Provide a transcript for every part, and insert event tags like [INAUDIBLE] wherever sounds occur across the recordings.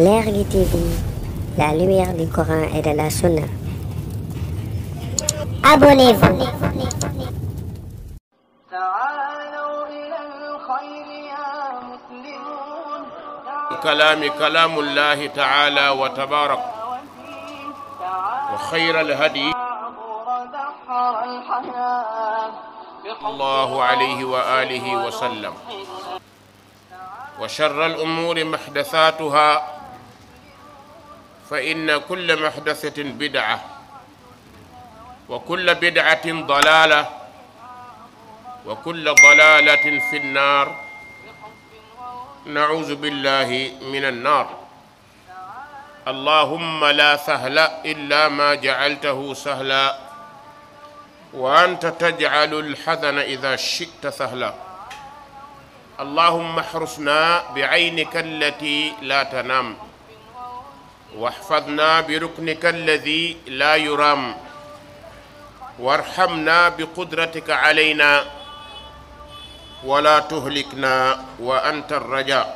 L'Airly TV, la lumière du Coran et de la Sunna. Abonnez-vous. كلام كلام الله تعالى وتبارك وخير الهدي الله عليه وآله وسلم وشر الأمور محدثاتها فإن كل محدثة بدعة وكل بدعة ضلالة وكل ضلالة في النار نعوذ بالله من النار اللهم لا سهل إلا ما جعلته سهلا وأنت تجعل الحزن إذا شئت سهلا اللهم احرسنا بعينك التي لا تنام واحفظنا بركنك الذي لا يرام وارحمنا بقدرتك علينا ولا تهلكنا وانت الرجاء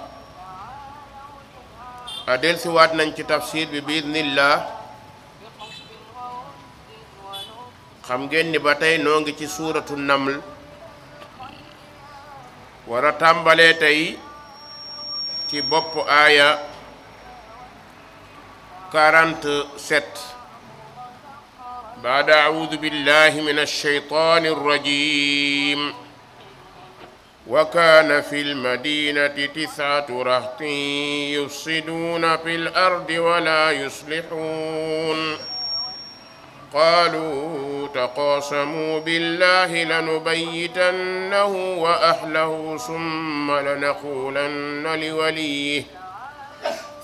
ادل سواتنا نتي تفسير باذن الله خم نبتي ني باتاي نونغي سوره النمل ورا تامبالي تاي تي بوب ايه 47 بعد أعوذ بالله من الشيطان الرجيم وكان في المدينة تسعة رهط يفسدون في الأرض ولا يصلحون قالوا تقاسموا بالله لنبيتنه وأهله ثم لنقولن لوليه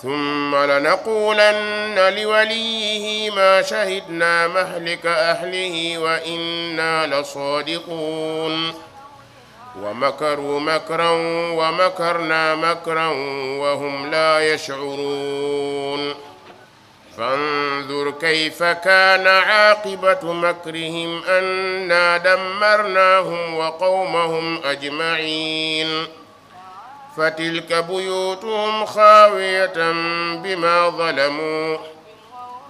ثم لنقولن لوليه ما شهدنا مهلك أهله وإنا لصادقون ومكروا مكرا ومكرنا مكرا وهم لا يشعرون فانظر كيف كان عاقبة مكرهم أنا دمرناهم وقومهم أجمعين فتلك بيوتهم خاوية بما ظلموا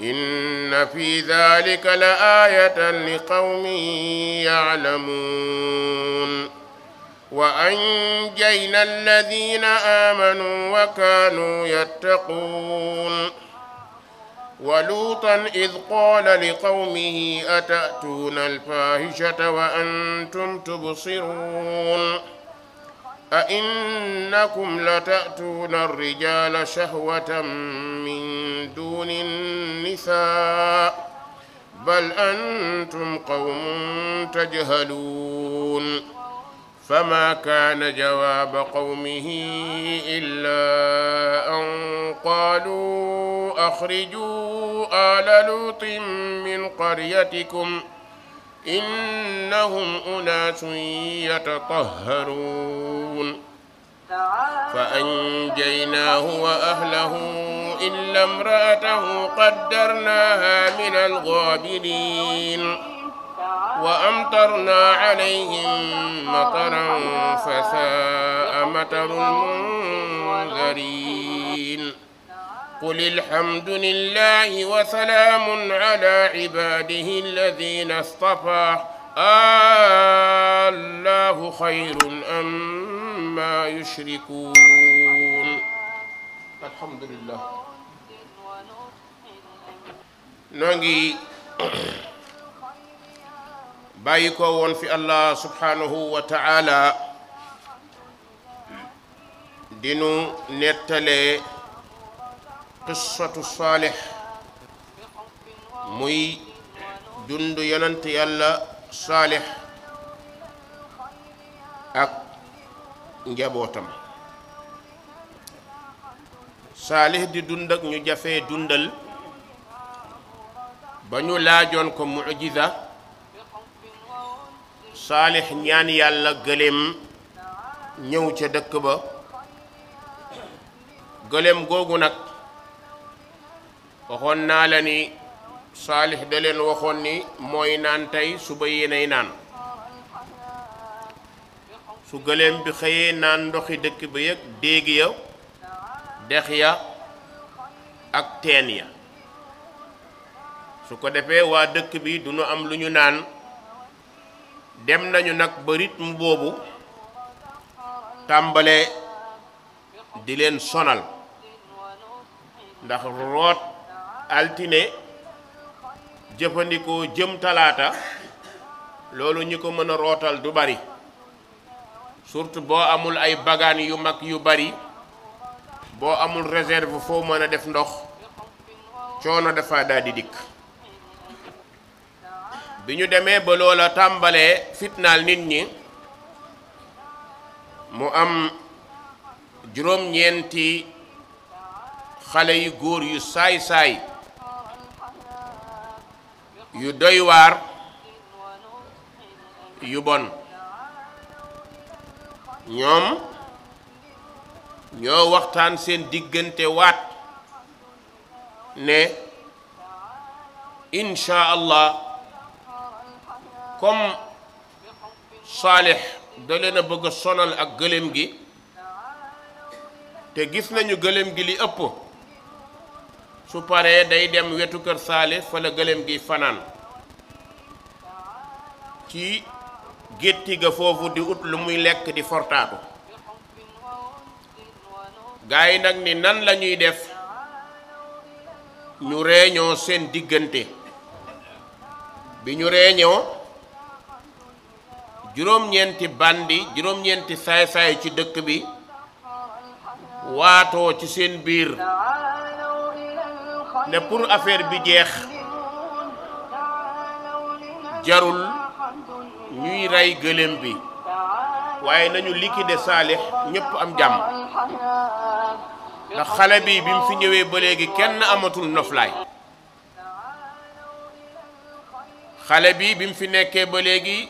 إن في ذلك لآية لقوم يعلمون وأنجينا الذين آمنوا وكانوا يتقون ولوطا إذ قال لقومه أتأتون الفاحشة وأنتم تبصرون أئنكم لتأتون الرجال شهوة من دون النساء بل أنتم قوم تجهلون فما كان جواب قومه إلا أن قالوا أخرجوا آل لوط من قريتكم ۖ إنهم أناس يتطهرون فأنجيناه وأهله إلا امرأته قدرناها من الغابرين وأمطرنا عليهم مطرا فساء مطر المنذرين قل الحمد لله وسلام على عباده الذين اصطفى الله خير أما أم يشركون الحمد لله نجي بايكو في الله سبحانه وتعالى دينو نتلي qissatu saalix muy dund yonent yàlla saalix ak njabootam saalix di dund ak ñu jafe dundal ba ñu laajoon ko mujiza saalix ñaan yàlla gëléem ñëw ca dëkk ba gëléem googu nag waxoon naa la ni saalix da waxoon ni mooy naan tey suba yéenay naan su gëléem bi xëyee naan ndoxi dëkk bi yëg déeg ya dex ya ak teen ya su ko defee waa dëkk bi du ñu am lu ñu naan dem nañu nag ba rythme boobu tàmbale di leen sonal ndax root altine jëfandikoo jëm talaata loolu ñu ko mën a rootal du bari surtout boo amul ay bagaan yu mag yu bari boo amul réserve foo mën a def ndox coono dafa daa di dikk bi ñu demee ba loola tàmbalee fitnaal nit ñi mu am juróom-ñeenti xale yu góor yu saay saay yu doy waar yu bon ñoom ñoo waxtaan seen diggante waat ne incha allah comme Saalix da leen a bëgg a sonal ak gëléem gi te gis nañu gëléem gi li ëpp su paree day dem wetu kër Salih fa gëléem gi fanaan ci gétti ga foofu di ut lu muy lekk di fortaatu gaa nag ni nan lañuy def ñu réñoo seen diggante bi ñu réñoo juróom-ñeenti bandi juróom-ñeenti saay-saay ci dëkk bi waatoo ci seen biir ne pour affaire bi jeex jarul ñuy rey gëléem bi waaye nañu liquider Saalix ñëpp am jàmm ndax xale bi bi mu fi ñëwee ba léegi kenn amatul noflaay xale bi bi mu fi nekkee ba léegi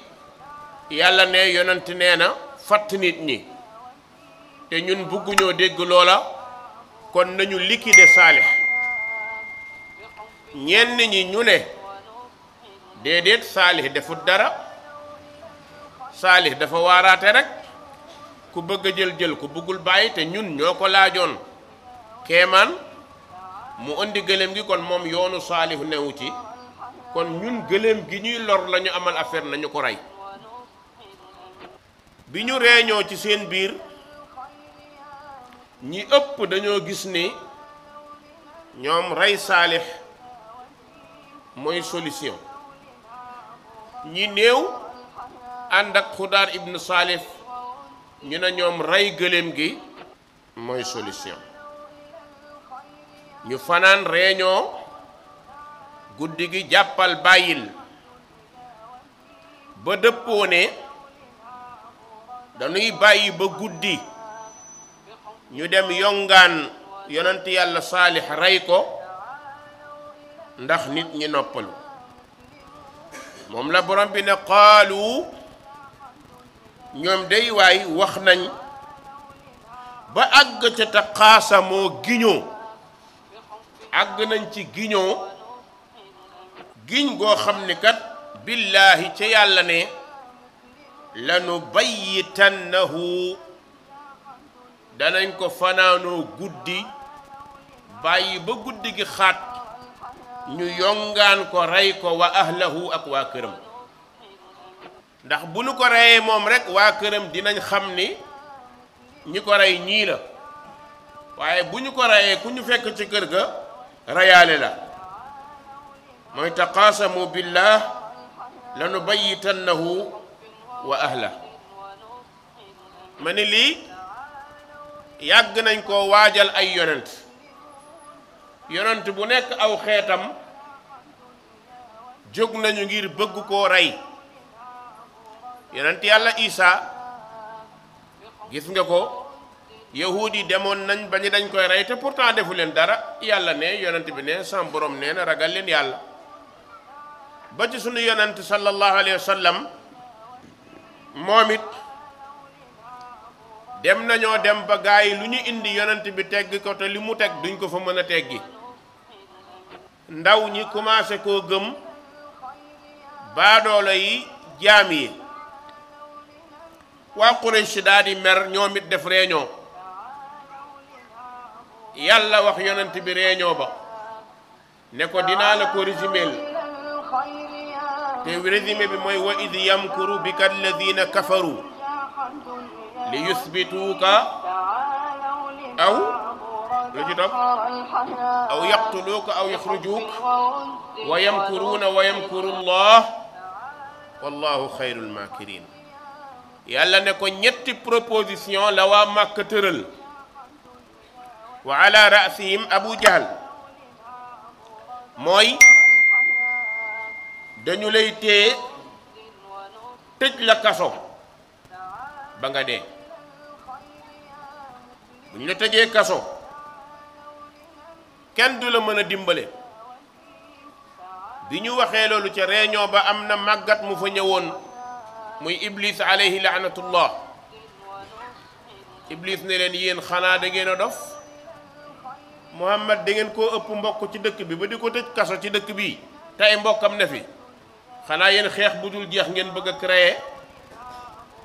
yàlla ne yonent nee na fatt nit ñi te ñun bëgguñoo dégg loola kon nañu liquider Saalix ñenn ñi ñu ne déedéet saalix defut dara saalix dafa waaraate rek ku bëgg a jël jël ku bëggul bàyyi te ñun ñoo ko laajoon keemaan mu indi gëlëm gi kon moom yoonu saalix newu ci kon ñun gëlëm gi ñuy lor la ñu amal affaire nañu ko rey bi ñu reeñoo ci seen biir ñi ëpp dañoo gis ni ñoom rey saalix mooy solution ñi néew ànd ak xudaar ibnu saalif ñu ne ñoom rey gëléem gi mooy solution ñu fanaan réunion guddi gi jàppal bàyyil ba dëppoo ne dañuy bàyyi ba guddi ñu dem yongaan yonent yàlla saalix rey ko ndax nit ñi noppalu moom la borom bi ne qaalu ñoom day waay wax nañ ba àgg ca te xaasamoo giñoo àgg nañ ci giñoo giñ goo xam ni kat billahi ca yàlla ne lanu bayyitannahu danañ ko fanaanoo guddi bàyyi ba guddi gi xaat ñu yongaan ko rey ko wa ahlahu ak waa këram ndax bu nu ko reyee moom rekk waa këram dinañ xam ni ñi ko rey ñii la waaye bu ñu ko reyee ku ñu fekk ci kër ga reyaale la mooy taqaasamu billah lanu bayitannahu wa ahla ma ni lii yàgg nañ ko waajal ay yonent yonent bu nekk aw xeetam jóg nañu ngir bëgg koo rey yonent yàlla Isa gis nga ko yahuud yi demoon nañ ba ñu dañ koy rey te pourtant defu leen dara yàlla ne yonent bi ne sam borom nee na ragal leen yàlla ba ci sunu yonent sallallahu alayhi wa moom it dem nañoo dem ba gaa yi lu ñu indi yonent bi tegg ko te li mu teg duñ ko fa mën a teggi ndaw ñi commencé koo gëm baadoolo yi jaam yi waa Quraysh daal di mer ñoom it def réunion yàlla wax yonent bi réunion ba ne ko dinaa la ko résumel te résumé bi mooy wa id yamkuru bika alladina kafaru li yusbituuka aw lu ci topp aw yaqtuluuka aw yaxrujuuk wa yamkuruuna wa yamkuru llah wallahu xayrul makirin yàlla ne ko ñetti proposition la waa màkk wa ala rasihim abu jahal mooy dañu lay téye tëj la kaso ba nga dee buñ la tëjee kaso kenn du la mën a dimbale bi ñu waxee loolu ca réunion ba am na màggat mu fa ñëwoon muy iblis alayhi laanatullah iblis ne leen yéen xanaa da a dof muhammad da ngeen koo ëpp mbokk ci dëkk bi ba di ko tëj kaso ci dëkk bi te mbokkam ne fi xanaa yéen xeex bu dul jeex ngeen bëgg a créer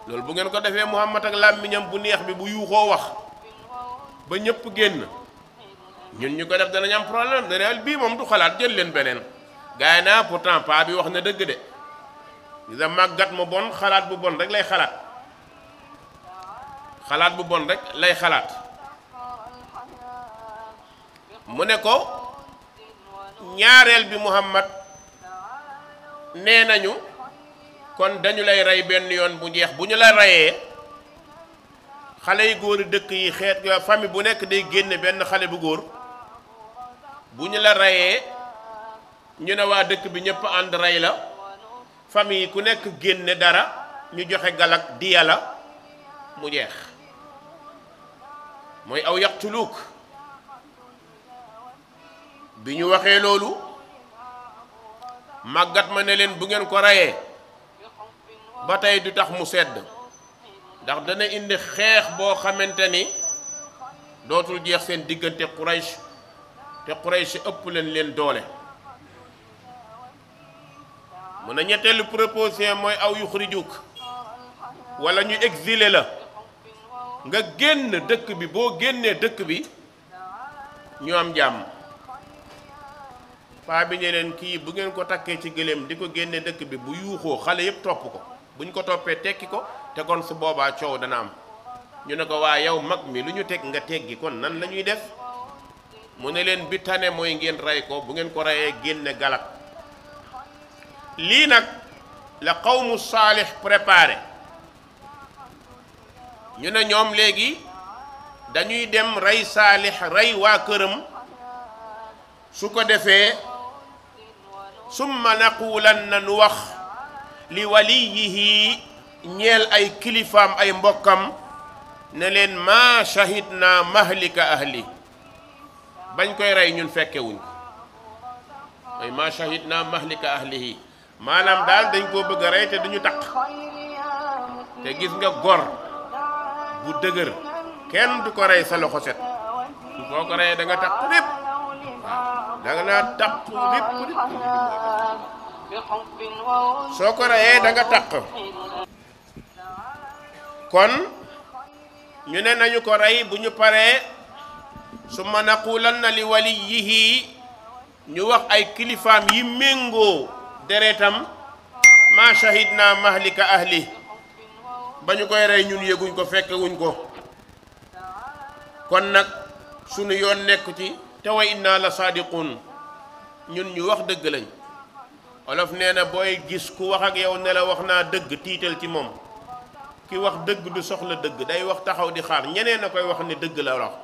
loolu bu ngeen ko defee muhammad ak làmmiñam bu neex bi bu yuuxoo wax ba ñépp génn ñun ñu ko def danañ am problème da al bi mom du xalaat jël leen benen gaay naa pourtant pa bi wax na deug de da magat mo bon xalaat bu bon rek lay xalaat xalaat bu bon rek lay xalaat mu ne ko ñaarel bi muhammad neenañu kon dañu lay ray ben yoon bu jeex buñu la rayé xalé yi goor dekk yi yo ya, fami bu nek day génné ben xalé bu goor bu ñu la reyee ñu ne waa dëkk bi ñëpp ànd rey la fami ku nekk génne dara ñu joxe galak di yàlla mu jeex mooy aw yaqtuluuk bi ñu waxee loolu màggat ma ne leen bu ngeen ko reyee ba tey du tax mu sedd ndax dana indi xeex boo xamante ni dootul jeex seen diggante Quraysh te si ëpp leen leen doole mun a ñetteelu proposition mooy aw yuxrijuk wala ñu exilé la nga génn dëkk bi boo génnee dëkk bi ñu am jàmm paa bi ne leen kii bu ngeen ko takkee ci gëléem di ko génne dëkk bi bu yuuxoo xale yépp topp ko buñ ko toppee tekki ko te kon su boobaa coow dana am ñu ne ko waa yow mag mi lu ñu teg nga teggi kon nan lañuy def mu ne leen bitane mooy ngeen rey ko bu ngeen ko reyee génne galak lii nag la qawmu saalix préparé ñu ne ñoom léegi dañuy dem rey saalix rey waa këram su ko defee summa na nu wax li waliyihi ñeel ay kilifaam ay mbokkam ne leen maa shahid naa mahlika ahli bañ koy rey ñun fekkewuñ wuñ ko mooy maa naa mahlika ahlihi maanaam daal dañ koo bëgg a rey te duñu taq te gis nga gor bu dëgër kenn du ko rey sa loxo set ko reyee da nga naa taq soo ko reyee danga nga taq kon ñu ne nañu ko rey bu ñu paree ثم نقولن لوليه ني واخ اي كليفام يمينغو دريتام ما شهدنا مهلك اهلي با نكوي ري نون ييغون كو فك وون كو كون نك سونو يون نيكتي تو ان لا صادقون نون ني واخ دغ لاني اولف نينا بوي غيس كو واخ اك ياو نلا واخنا دغ تيتال تي موم كي واخ دغ دو سخلا دغ داي واخ تخاو دي خار نينينا كوي واخ ني دغ لا واخ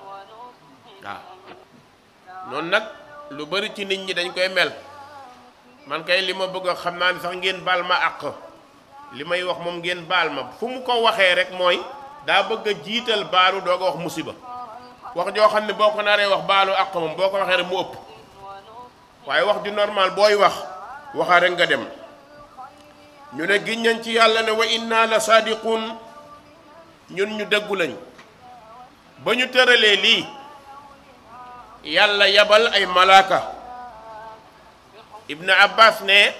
loolu nag lu bari ci nit ñi dañ koy mel man kay li ma bëgg xam naa ni sax ngeen baal ma àq li may wax moom ngeen baal ma fu mu ko waxee rek mooy daa bëgg a jiital baalu doo a wax musiba wax joo xam ne boo ko naaree wax baalu àq moom boo ko waxee rek mu ëpp waaye wax ju normal booy wax waxaa rek nga dem ñu ne giñ nañ ci yàlla ne wa inna la saadiqun ñun ñu dëggu lañ ba ñu tëralee lii yàlla yabal ay malaaka ibnu abbas ne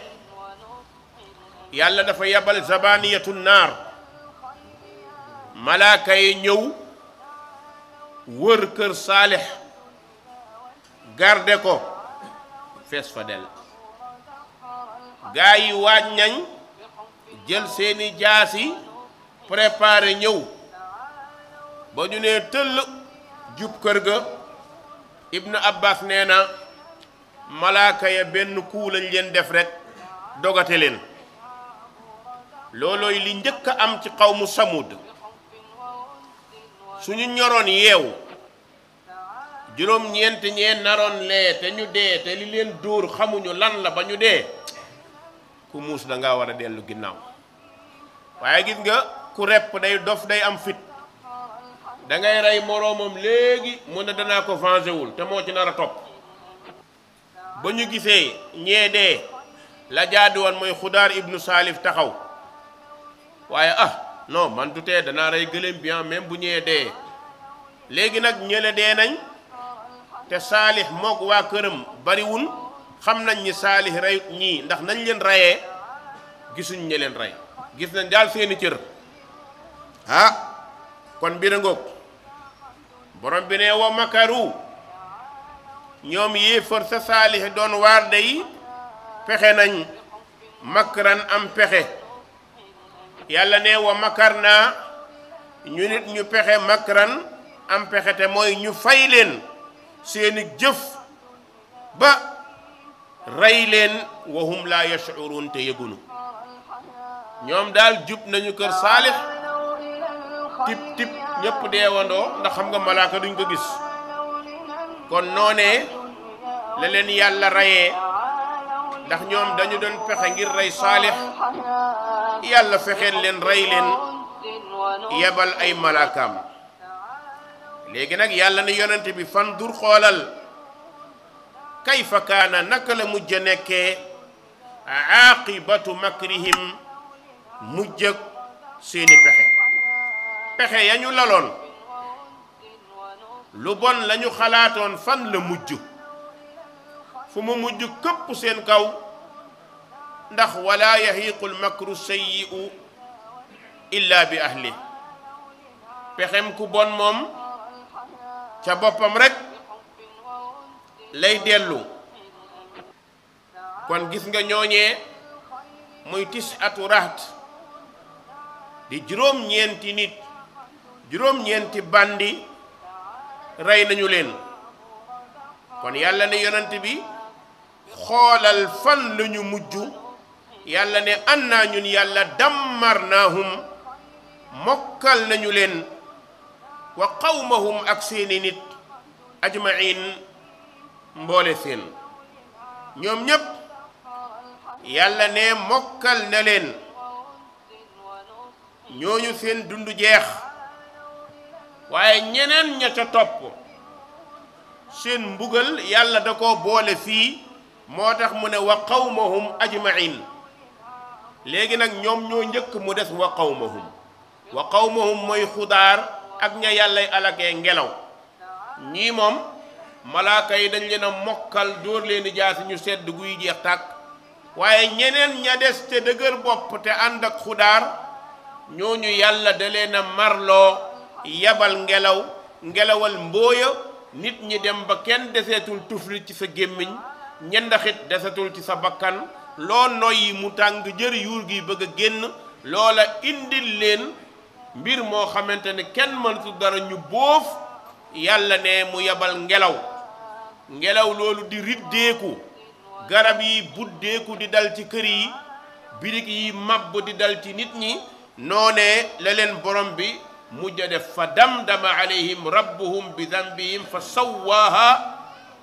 yàlla dafa yabal zabaniyatu naar malaaka yi ñëw wër kër saalix garde ko fees fa del gaa yi waaj nañ jël seeni jaasi préparé ñëw ba ñu ne tëll jub kër ga ibnu abbas nee na malaaka ya benn kuu lañ leen def rek dogate leen loolooy li njëkk a am ci mu samud su ñu ñoroon yeewu juróom-ñeent ñee naroon lee te ñu dee te li leen dóor xamuñu lan la ba ñu dee ku muus danga war a dellu ginnaaw waaye gis nga ku repp day dof day am fit da ngay rey moroomam léegi mu ne danaa ko venger wul te moo ci nar a topp ba ñu gisee ñee dee la jaadu mooy xudaar ibnu saalif taxaw waaye ah non man du tee rey gëléem bien ah, même bu ñee dee léegi nag ñële dee nañ te saalix mook waa këram bariwul xam nañ ni saalix rey ñii ndax nañ leen reyee gisuñ ñi leen rey gis nañ daal seeni cër ah kon mbir a ngoog borom bi ne wa makaru ñoom yéefar sa saalix doon waar dey pexe nañ makran am pexe yàlla ne wa makar naa ñu nit ñu pexe makran am pexe te mooy ñu fay leen seeni jëf ba rey leen wahum laa yashuruun te yëgunu ñoom daal jub nañu kër saalix tip tip deewandoo ndax xam nga malaaka duñu ko gis kon noonee la leen yàlla reyee ndax ñoom dañu doon fexe ngir rey saalix yàlla fexeel leen rey leen yebal ay malaakaam léegi nag yàlla na yonent bi fan dur xoolal kayfa kaana naka la mujj a nekkee aaqibatu makrihim mujjëg seeni pexe pexe ya ñu laloon lu bon lañu xalaatoon fan la mujj fu mu mujj këpp seen kaw ndax wala yahiiqu lmakru sayyi'u illa bi ahli pexem ku bon moom ca boppam rekk lay dellu kon gis nga ñooñee muy tis atu raat di juróom-ñeenti nit juróom-ñeenti bandi rey nañu leen kon yàlla ne yonent bi xoolal fan lañu mujj yàlla ne an naa ñun yàlla dammar naahum mokkal nañu leen wa qawmahum ak seeni nit ajmain mboole seen ñoom ñépp yàlla ne mokkal na leen ñooñu seen dund jeex waaye ñeneen ña ca topp seen mbugal yàlla da ko boole fii moo tax mu ne wa qawmahum ajmain léegi nag ñoom ñoo njëkk mu des wa qawmahum wa qawmahum mooy xudaar ak ña yàllay alage ngelaw ñii moom malaaka yi dañu leen a mokkal dóor leen di ñu sedd guy jeex tàkk waaye ñeneen ña des te dëgër bopp te ànd ak xudaar ñooñu yàlla da na a marloo yabal ngelaw ngelawal mbooya nit ñi dem ba kenn deseetul tuflit ci sa gémmiñ ñendaxit desetul ci sa bakkan loo noyyi mu tàng jër yuur gi bëgg a génn loola indil leen mbir moo xamante ne kenn mënatu dara ñu bóof yàlla ne mu yabal ngelaw ngelaw loolu di riddeeku garab yi buddéeku di dal ci kër yi birig yi màbb di dal ci nit ñi noonee la leen borom bi mujj a def fa damdama alayhim rabbuhum bi dambihim fa sawwaaha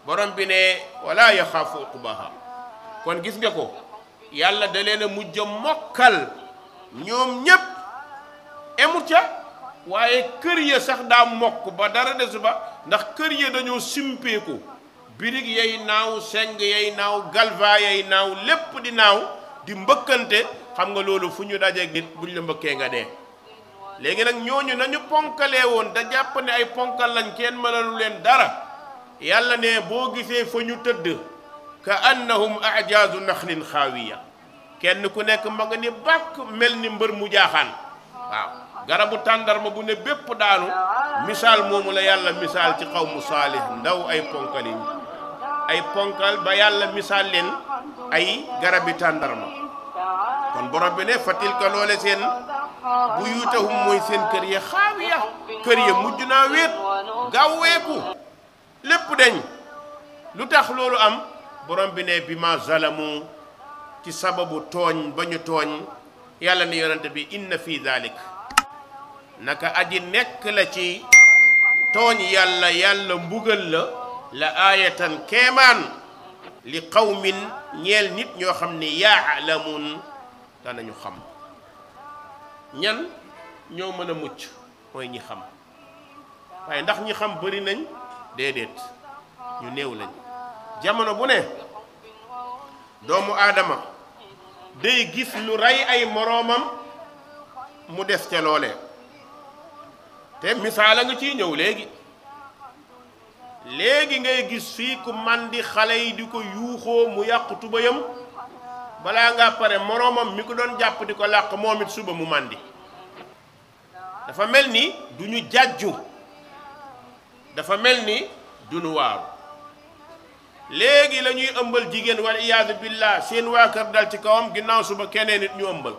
borom bi ne wala yaxaafu uqbaha kon gis nga ko yàlla da leen a mujj a mokkal ñoom ñépp emu ca waaye kër ya sax daa mokk ba dara des ba ndax kër ya dañoo simpeeku birig yay naaw seng yay naaw galva yay naaw lépp di naaw di mbëkkante xam nga loolu fu ñu dajeeg nit buñ la mbëkkee nga dee léegi nag ñooñu nañu ponkalee woon da jàpp ne ay ponkal lañ kenn mënalu leen dara yàlla ne boo gisee fa ñu tëdd ka annahum ajaazu naxlin xaawiya kenn ku nekk ma nga ni bàkk mel ni mbër mu jaaxaan waaw garabu tàndarma bu ne bépp daanu misaal moomu la yàlla misaal ci xaw mu saalih ndaw ay ponkal ay ponkal ba yàlla misaal leen ay garabi tàndarma kon borom bi ne fatil ka lolé sen bu yutahum moy sen kër ya xaawiya kër ya mujj wet wéet gàwweeku lépp deñ lutax tax am borom bi ne bima zalamu ci sababu togn bañu togn yàlla ni yonante bi inna fi zalik naka aji nek la ci togn yàlla yàlla mbugal la la ayatan keemaan li qawmin ñeel nit ñoo xam ne yaalamuun danañu xam ñan ñoo mën a mucc mooy ñi xam waaye ndax ñi xam bari nañ déedéet ñu néew lañ jamono bu ne doomu aadama day gis lu rey ay moroomam mu des ca loole te misaala nga ciy ñëw léegi legi ngay gis fi ku man di xale yi diko yuxo mu tubayam bala nga pare moromam mi ko don japp diko ko momit suba mu mandi dafa melni ni jajju dafa melni ni du legi lañuy ëmbal jigen wal iyad billah seen waa dal ci kawam ginnaw suba keneen nit ñu ëmbal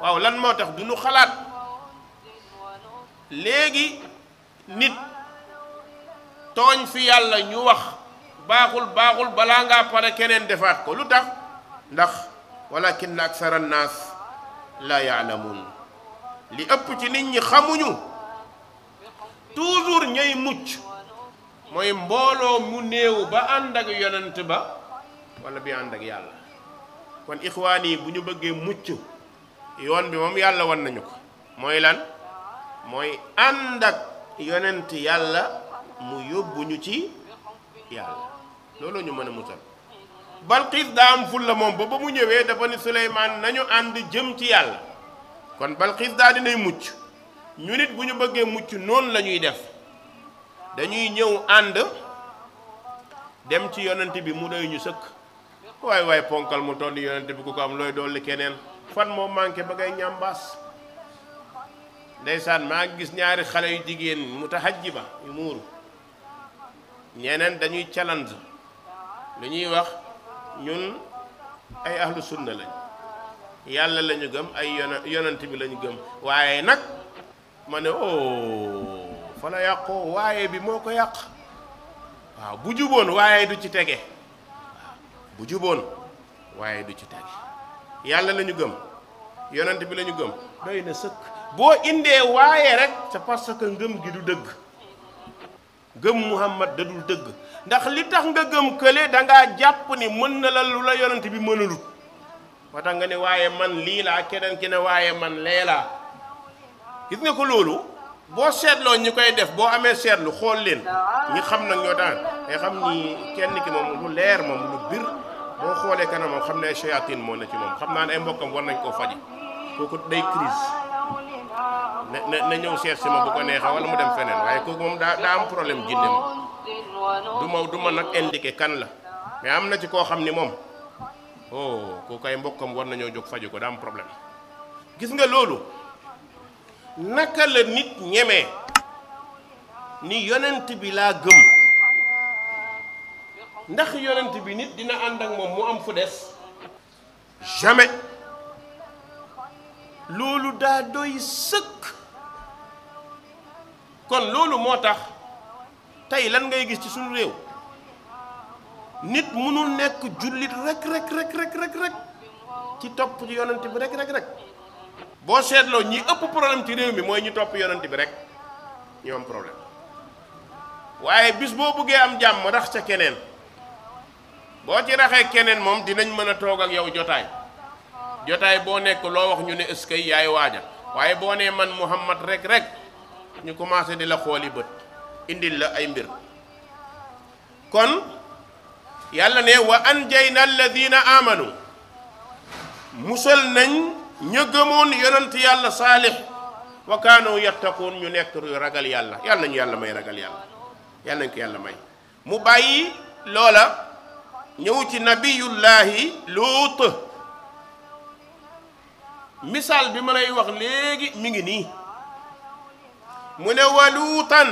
waaw lan moo tax xalaat legi nit tooñ fi yàlla ñu wax baaxul baaxul balaa ngaa pare keneen defaat ko lu tax ndax walakin aksara saranaas la yaalamuun li ëpp ci nit ñi xamuñu toujours ñay mucc mooy mbooloo mu néew ba ànd ak yonent ba wala bi ànd ak yàlla kon ixwaan yi bu ñu bëggee mucc yoon bi moom yàlla wan nañu ko mooy lan mooy ànd ak yonent yàlla mu yóbbuñu ci yàlla looloo ñu mën a musal balxiis daa am fulla moom ba ba mu ñëwee dafa ni suleymaan nañu ànd jëm ci yàlla kon balxiis daa dinay mucc ñu nit bu ñu bëggee mucc noonu lañuy def dañuy ñëw ànd dem ci yonent bi mu doy ñu sëkk waay waay ponkal mu toll yonent bi ku ko am looy dolli keneen fan moo manqué ba ngay ñambaas ndeysaan maa gis ñaari xale yu jigéen mu taxaj ji ba muuru ñeneen dañuy challenge lu ñuy wax ñun ay ahlu sunna lañ yàlla lañu gëm ay yonent bi lañu gëm waaye nag ma ne oh, fa la yàqoo waaye bi moo ko yàq waaw bu juboon waaye du ci tege waaw bu juboon waaye du ci tege yàlla la ñu gëm yonent bi lañu ñu gëm doy na sëkk boo indee waaye rek c'est parce que ngëm gi du dëgg gëm Muhammad da dul dëgg ndax li tax nga gëm kële dangaa jàpp ni mën na la lu la yonent bi mënalut moo nga ne waaye man lii laa keneen ki ne waaye man lee laa gis nga ko loolu boo seetloo ñi koy def boo amee seetlu xool leen ñi xam nag ñoo daan ay xam nii kenn ki moom mu leer moom lu bir boo xoolee kanam xam ne ay shayatin moo ne ci moom xam naa ne ay mbokkam war nañ koo faji kooku day crise na na ñëw seet si ma bu ko neexee wala mu dem feneen waaye kooku moom daa daa am problème jinne moom du ma du ma nag indiqué kan la mais am na ci koo xam ni moom oh kooku ay mbokkam war nañoo jóg faju ko daa am problème gis nga loolu naka la nit ñemee ni yonent bi laa gëm ndax yonent bi nit dina ànd moom mu am fu des jamais loolu daa doy sëkk kon loolu moo tax tey lan ngay gis ci sunu réew nit mënul nekk jullit rek rek rek rek rek ci topp ci yonent bi rek rek rek boo seetloo ñi ëpp problème ci réew mi mooy ñu topp yonent bi rek ñu am waaye bis boo bëggee am jàmm rax ca keneen boo ci raxee keneen moom dinañ mën a toog ak yow jotaay jotay bo nek lo wax ñu ne eskay yaay waaja waye bo ne man Muhammad rek rek ñu commencé di la xoli beut indil la ay mbir kon yàlla ne wa anjayna alladhina amanu musal nañ ñu gëmon yonent yàlla salih wa kanu yattaqun ñu nekk ragal yàlla yàlla ñu yàlla may ragal yàlla yàlla ñu yàlla may mu bàyyi lola ñëw ci nabiyullahi lut misaal bi ma lay wax léegi mi ngi nii mu ne wa luutan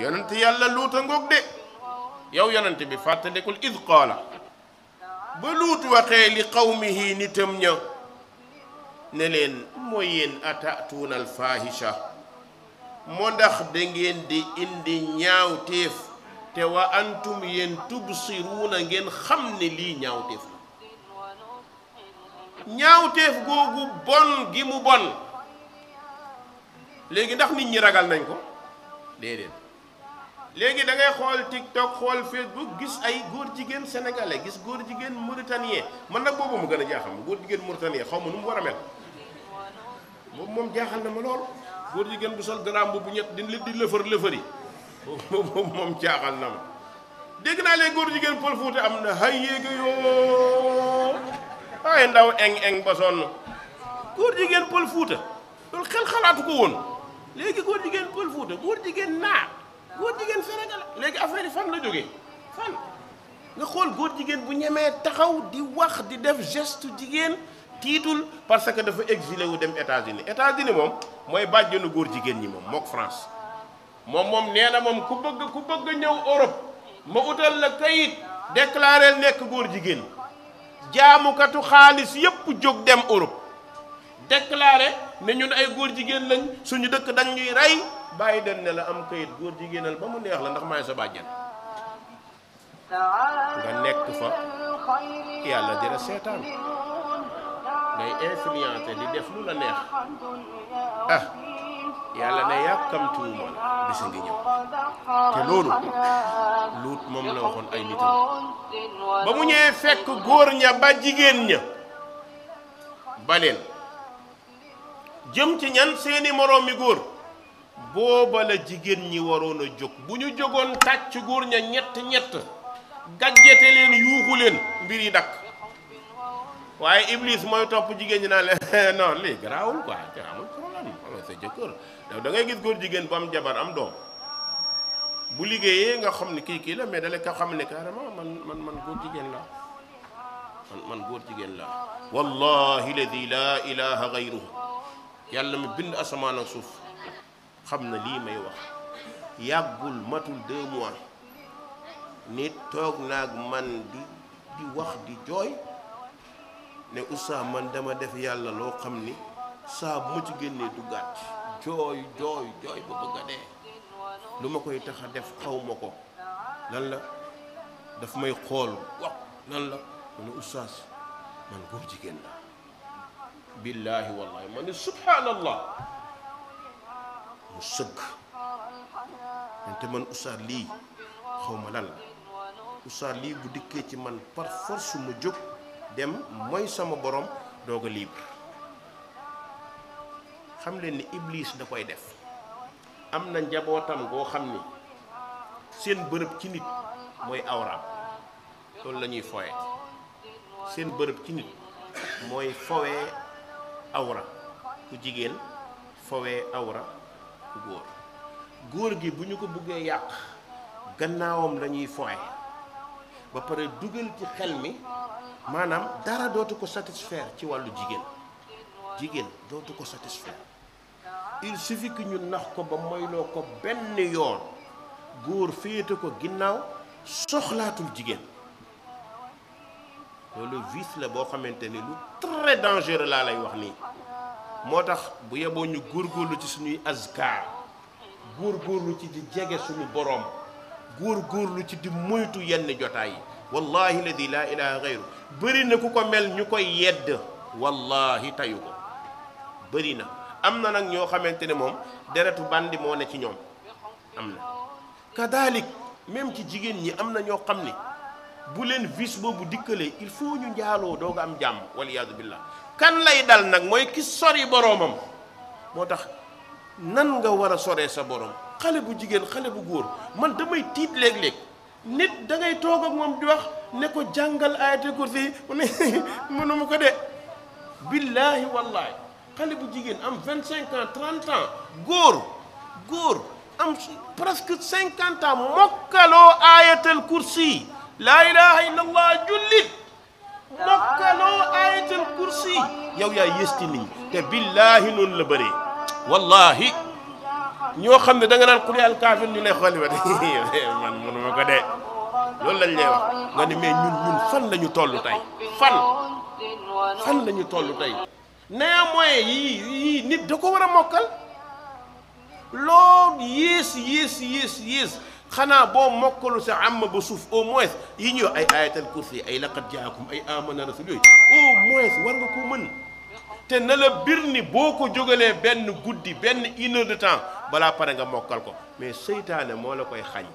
yonent yàlla luuta ngoog de yow yonent bi fàttalikul id qaala ba luut waxee li qawmihi nitam ña ne leen mooy yéen atatuuna alfahisha moo ndax da ngeen di indi ñaawteef te wa antum yéen tubsiruuna ngeen xam ne lii ñaawteef ñaawteef googu bon gi mu bon léegi ndax nit ñi ragal nañ ko déedéet léegi da ngay xool TikTok xool féet bu gis ay góor jigéen senegale gis góor jigéen mauritanien man nag boobu mu gën a jaaxal góor jigéen mauritanien xaw ma nu mu war a mel boobu moom jaaxal na ma lool góor jigéen bu sol garaam bu ñett di di lëfër lëfëri boobu moom jaaxal na ma dégg naa leen góor jigéen pël fuute am na hay yéega yoo waaye ndaw eng eng ba sonn góor jigéen pël fuuta loolu xel xalaatu ko woon léegi góor jigéen pël fuuta góor jigéen naar góor jigéen Sénégal léegi affaire yi fan la jógee fan nga xool góor jigéen bu ñemee taxaw di wax di def geste jigéen tiitul parce que dafa exilé wu dem États-Unis États-Unis moom mooy bàjjenu góor jigéen ñi moom mook France moom moom nee na moom ku bëgg ku bëgg ñëw Europe ma utal la kayit déclaré nekk góor jigéen jaamukatu xaalis yépp jóg dem Europe déclaré ne ñun ay góor jigéen lañ suñu dëkk dañ rey bàyyi den ne la am kayit góor jigéenal ba mu neex la ndax maay sa bàjjen nga nekk fa yàlla dina seetaan ngay influencé di def lu la neex ah. yàlla na yàkkamtuwuma la bisa ngi ñëw te loolu luut moom la waxoon ay nitam ba mu ñëwee fekk góor ña ba jigéen ña ba leen jëm ci ñan seeni moroomi góor booba la jigéen ñi waroon a jóg bu ñu jógoon tàcc góor ña ñett ñett gàjjate leen yuuxu leen mbir yi dakk waaye Iblis mooy topp jigéen ñi naa leen [LAUGHS] non lii garaawul quoi sa jëkkër yow da ngay gis góor jigéen bu am jabar am doom bu liggéeyee nga xam ne kii kii la mais dale ka xam ne carrément man man man góor jigéen la man man góor jigéen la wallahi ladi laa ilaha gayruhu yàlla mi bind asamaan ak suuf xam na lii may wax yàggul matul deux mois nit toog naag man di di wax di jooy ne oustaz man dama def yàlla loo xam ni saa bu ma ci génnee duggaat jooy jooy jooy ba bëgg dee lu ma koy tax def xaw ma ko lan la dafa may xool wax lan la mu ne ustaas man góor jigéen ma ne subhaanallah mu sëgg te man ustaas lii xaw ma lan la ustaas lii bu dikkee ci man par force mu jóg dem mooy sama borom doog a xam leen ni iblis da koy def am na njabootam goo xam ni seen bërëb ci nit mooy awraam loolu lañuy ñuy seen bërëb ci nit mooy fowee awra ku jigéen fowee awra ku góor gi bu ñu ko buggee yàq gannaawam lañuy ñuy ba pare dugal ci xel mi maanaam dara dootu ko satisfaire ci wàllu jigéen jigéen dootu ko satisfaire il suffit que ñu nax ko ba moyloo ko benn yoon góor féete ko ginnaaw soxlaatul jigéen loolu vice la boo xamante ni lu très dangereux laa lay wax nii moo tax bu yeboo ñu góor góorlu ci suñuy azkar góorgóorlu ci di jege suñu boroom góor góorgóorlu ci di moytu yenn jotaay yi wallahi ladi laa ilaha gayru bëri na ku ko mel ñu koy yedd wallahi tayu ko bëri na am na nag ñoo xamante ne moom deretu bandi moo ne ci ñoom am na kadalik même ci jigéen ñi am na ñoo xam ni bu leen vice boobu dikkalee il faut ñu njaaloo doog a am jàmm waliyaadu billah kan lay dal nag mooy ki sori boroomam moo tax nan nga war a soree sa borom xale bu jigéen xale bu góor man damay tiit léeg-léeg nit da ngay toog ak moom di wax ne ko jàngal ayatul kursi mu ne [LAUGHS] mënuma ko de billaahi wallaahi xale bu jigéen am 25 ans 30 ans góor góor am presque 50 ans mokkaloo ayatal kursi laa ilaha illallah jullit mokkaloo ayatal kursi yow yaa yësti ñi te billahi noonu la bëree wallahi ñoo xam ne da nga naan qul al kafir ñu lay xooli ba man mënuma ko dee loolu lañ lay wax nga ne mais ñun ñun fan la ñu toll tey fan fan la ñu toll tey néanmoins yii yii nit da ko war a mokkal loo yées yées yées yées xanaa boo mokkalu sa amma ba suuf au moins yi ñëw ay ayatal kursi ay laqad jaakum ay amana rasul yooyu au moins war nga ko mën te na la bir ni boo ko jógalee benn guddi benn une heure de temps balaa pare nga mokkal ko mais seytaane moo la koy xañ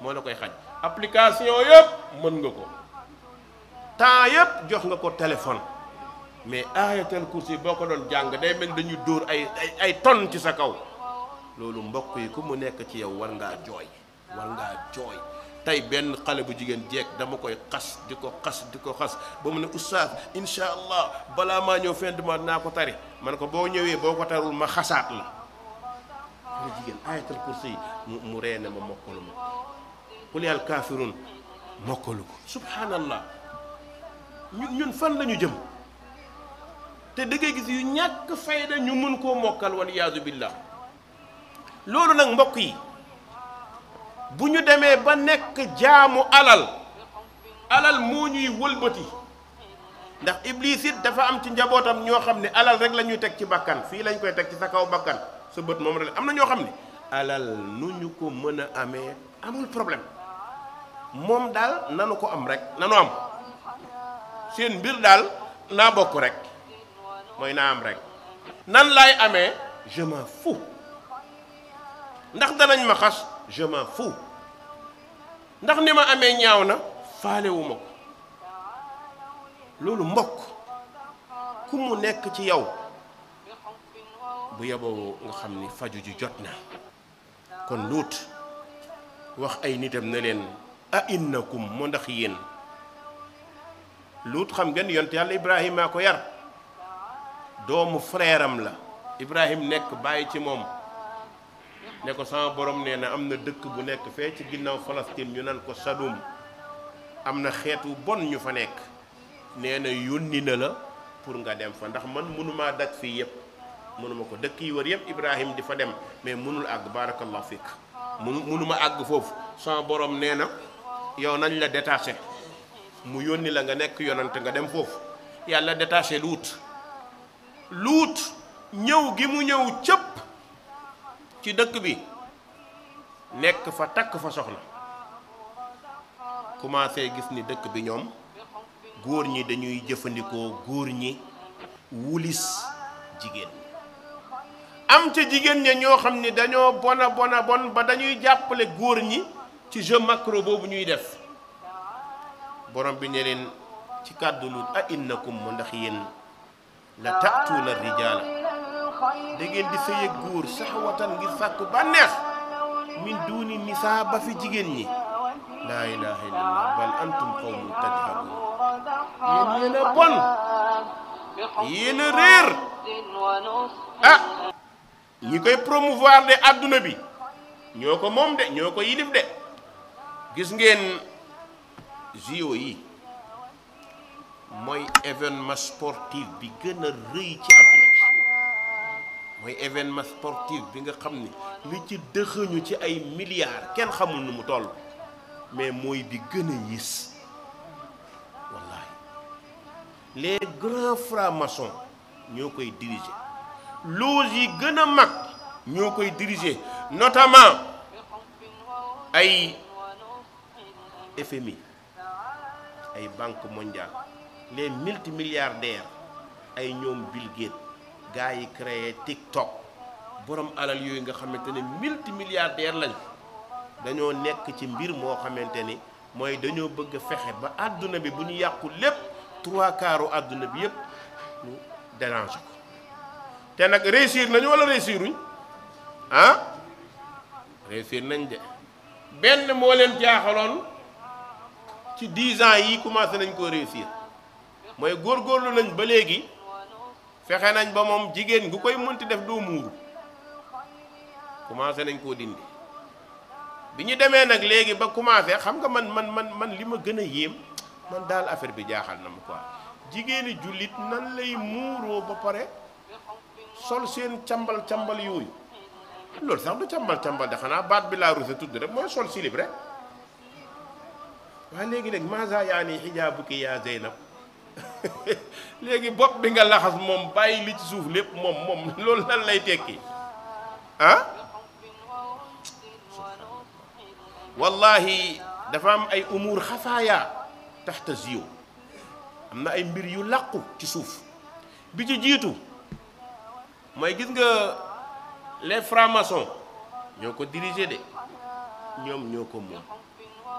moo la koy xañ application yëpp mën nga ko temps yëpp jox nga ko téléphone mais aayatal kursi boo ko doon jàng day mel dañu dóor ay ay ay ci sa kaw loolu mbokk yi ku mu nekk ci yow war ngaa jooy war ngaa jooy tey benn xale bu jigéen jeeg dama koy xas di ko xas di ko xas ba mu ne oustaz incha allah balaa maa ñëw fin de mois naa ko tari man ko boo ñëwee boo ko tarul ma xasaat la xale jigéen aayatal kursi yi mu mu ree ne ma mokkalu ma qul yal kaafiruun mokkalu ko subhanallah ñun ñun fan la ñu jëm te da ngay gis yu ñàkk fayda ñu mën koo mokkal wal iyaazu billah loolu nag mbokk yi bu ñu demee ba nekk jaamu alal alal moo ñuy wëlbati ndax iblis dafa am ci njabootam ñoo xam ne alal rek la teg ci bakkan fii lañ koy teg ci sa kaw bakkan sa bët moom rek am na ñoo xam ne alal nu ñu ko mën a amee amul problème moom daal nanu ko am rek nanu am seen mbir daal naa bokk rek mooy naam rek nan lay amé je m'en fous ndax danañ ma xass je m'en fous ndax nima amé amee ñaaw na faalewu ma ko loolu mbokk ku mu nekk ci yow bu yabo nga xamni faju ji jotna kon lut wax ay nitam ne len a innakum mo ndax yéen lut xam ngeen yonte yàlla Ibrahima ko yar doomu frère la Ibrahim nekk bàyyi ci moom ne ko sama borom nee na am na dëkk bu nekk fee ci ginnaaw Palestine ñu naan ko Sadum am na xeetu bon ñu fa nekk nee na yónni na la pour nga dem fa ndax man mënumaa daj fii yëpp mënuma ko dëkk yi wër yëpp Ibrahim di fa dem mais mënul àgg barakallahu fiik mu mënuma àgg foofu sama borom nee na yow nañ la détaché mu yónni la nga nekk yonante nga dem foofu yàlla détaché lu wut luut ñëw gi mu ñëw cëpp ci dëkk bi nekk fa takk fa soxna commencé gis ni dëkk bi ñoom góor ñi dañuy jëfandikoo góor ñi wulis jigéen am ca jigéen ña ñoo xam ni dañoo bona bona bon ba dañuy jàppale góor ñi ci jeu macro boobu ñuy def borom bi ne leen ci kàddu luut a ko mu ndax yéen la taatuuna rijaala da ngeen di sëy ak góor saxwatan ngir sàkku bànneex min duuni nisaa fi jigéen ñi laa ilaha illallah bal antum qawmun tajhabuun yéen yéen a bon yéen a réer ah! ñi koy promouvoir de adduna bi ñoo ko moom de ñoo ko yilif de gis ngeen JO yi moy événement sportif bi gën reuy ci aduna bi mooy événement sportif bi nga xamni li ci dëxëñu ci ay milliards ken xamul nu mu toll mais moy bi gën yiss wallahi les grands francs-maçons ñokoy diriger loges yi gën mag ñokoy diriger notamment ay FMI ay banque mondiale les multimilliardaires ay ñoom Bill Gates gars yi créé TikTok borom alal yooyu nga xamante ne multimilliardaire lañ dañoo nekk ci mbir moo xamante ni mooy dañoo bëgg fexe ba àdduna bi bu ñu yàqu lépp trois quarts àdduna bi yépp ñu déranger ko te nag réussir nañu wala réussiruñ ah réussir nañ de benn moo leen jaaxaloon ci dix ans yi commencé nañ koo réussir mooy góorgóorlu nañ ba léegi fexe nañ ba moom jigéen gu koy mënti def doo muuru commencé nañ koo dindi bi ñu demee nag léegi ba commencé xam nga man man man man li ma gën a yéem man daal affaire bi jaaxal na ko quoi jigéeni jullit nan lay muuroo ba pare sol seen cambal cambal yooyu loolu sax du càmbal càmbal de xanaa baat bi laa rusa tudd rek mooy sol silib rek waaye léegi nag maasa yaa ni xijaabu ki yaa Zeynab léegi bopp bi nga laxas moom bàyyi li ci suuf lépp moom moom loolu lan lay tekki ah wallahi dafa am ay umuur xafaaya taxta ziyo am na ay mbir yu làqu ci suuf bi ci jiitu mooy gis nga les francs-maçons ñoo ko dirigé de ñoom ñoo ko moom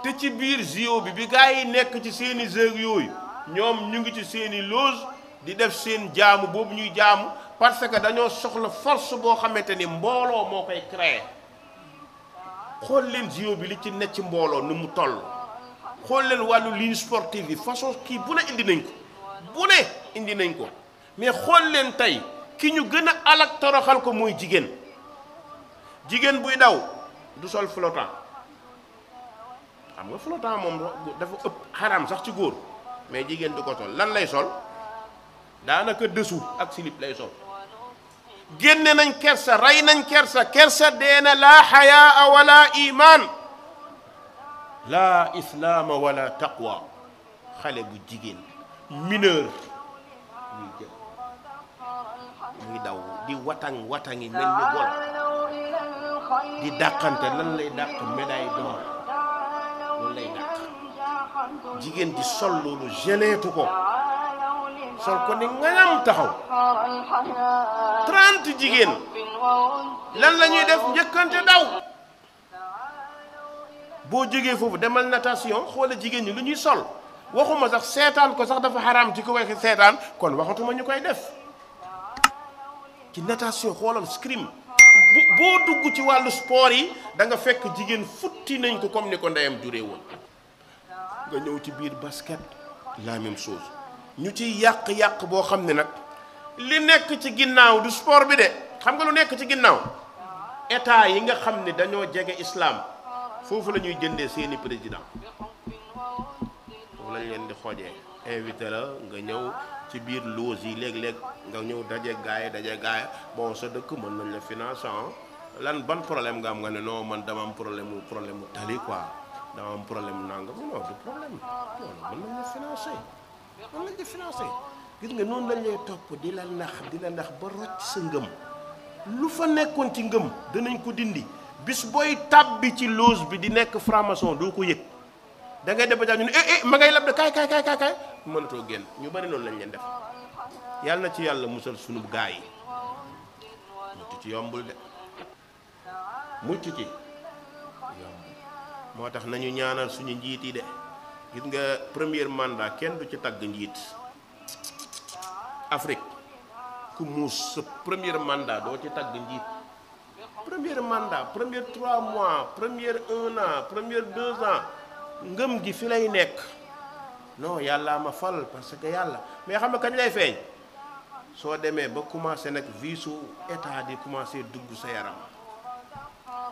te ci biir ziyo bi bi gaa yi nekk ci seeni zëg yooyu ñoom ñu ngi ci seeni loose di def seen jaamu boobu ñuy jaamu parce que dañoo soxla force boo xamante ni mbooloo moo koy créer xool leen JO bi li ci nekk ci mbooloo nu mu toll xool leen wàllu li ligne sportive bi façon kii bu ne indi nañ ko bu ne indi nañ ko mais xool leen tey ki ñu gën a alak toroxal ko mooy jigéen jigéen buy daw du sol flottant xam nga flottant moom dafa ëpp xaram sax ci góor mais jigéen du ko sol lan lay sol daanaka dessous ak silip lay sol génne nañ kersa rey nañ kersa kersa deena laa xayaa wala iman laa islaama wala taqwa xale bu jigéen mineur ñuy muy daw di watang watangi mel ni gol di dàqante lan lay dàq médaille d'or lan lay dàq jigéen di sol loolu geleetu ko sol ko ni ngañam taxaw trente jigéen lan la ñuy def njëkkante daw boo jógee foofu demal natation xoola jigéen ñi lu ñuy sol waxuma sax seetaan ko sax dafa xaraam ci ko waxi seetaan kon waxatuma ñu koy def ci natation xoolal scrim boo dugg ci wàllu sport yi da nga fekk jigéen futti nañ ko comme ni ko ndeyam juree woon nga ñëw ci biir basket la même ñu ci yàq-yàq boo xam ne nag li nekk ci ginnaaw du sport bi de xam nga lu nekk ci ginnaaw état yi nga xam ne dañoo jege islam foofu la ñuy jëndee seeni président foofu lañ leen di xoojee invité la nga ñëw ci biir loge yi léeg-léeg nga ñëw daje gaay daje gaay bon sa dëkk mën nañ la financé ah. lan ban problème nga am nga ne non man dama am problème mu problème mu quoi dama am problème nangam non du problème financé mën gis nga noonu lañ topp di la nax di la nax ba rocc sa ngëm lu fa nekkoon ci ngëm danañ ko dindi bis booy tàbbi ci loge bi di nekk franc-maçon doo ko yëg da ngay def ba ñu ne eh eh ma ngay lab de kaay kaay kaay kaay mënatoo génn ñu bari noonu lañ leen def yàlla na ci yàlla musal sunub gaa yi mucc ci yombul de mucc ci. moo tax nañu ñaanal suñu njiit yi de gis nga première mandat kenn du ci tagg njiit Afrique ku muus sa premier mandat doo ci tagg njiit premier mandat première trois mois première un an premier deux ans ngëm gi fi lay nekk non yàllaa ma fal parce que yàlla mais xam nga kañ lay feeñ soo demee ba commencé nag visu état di commencé dugg sa yaram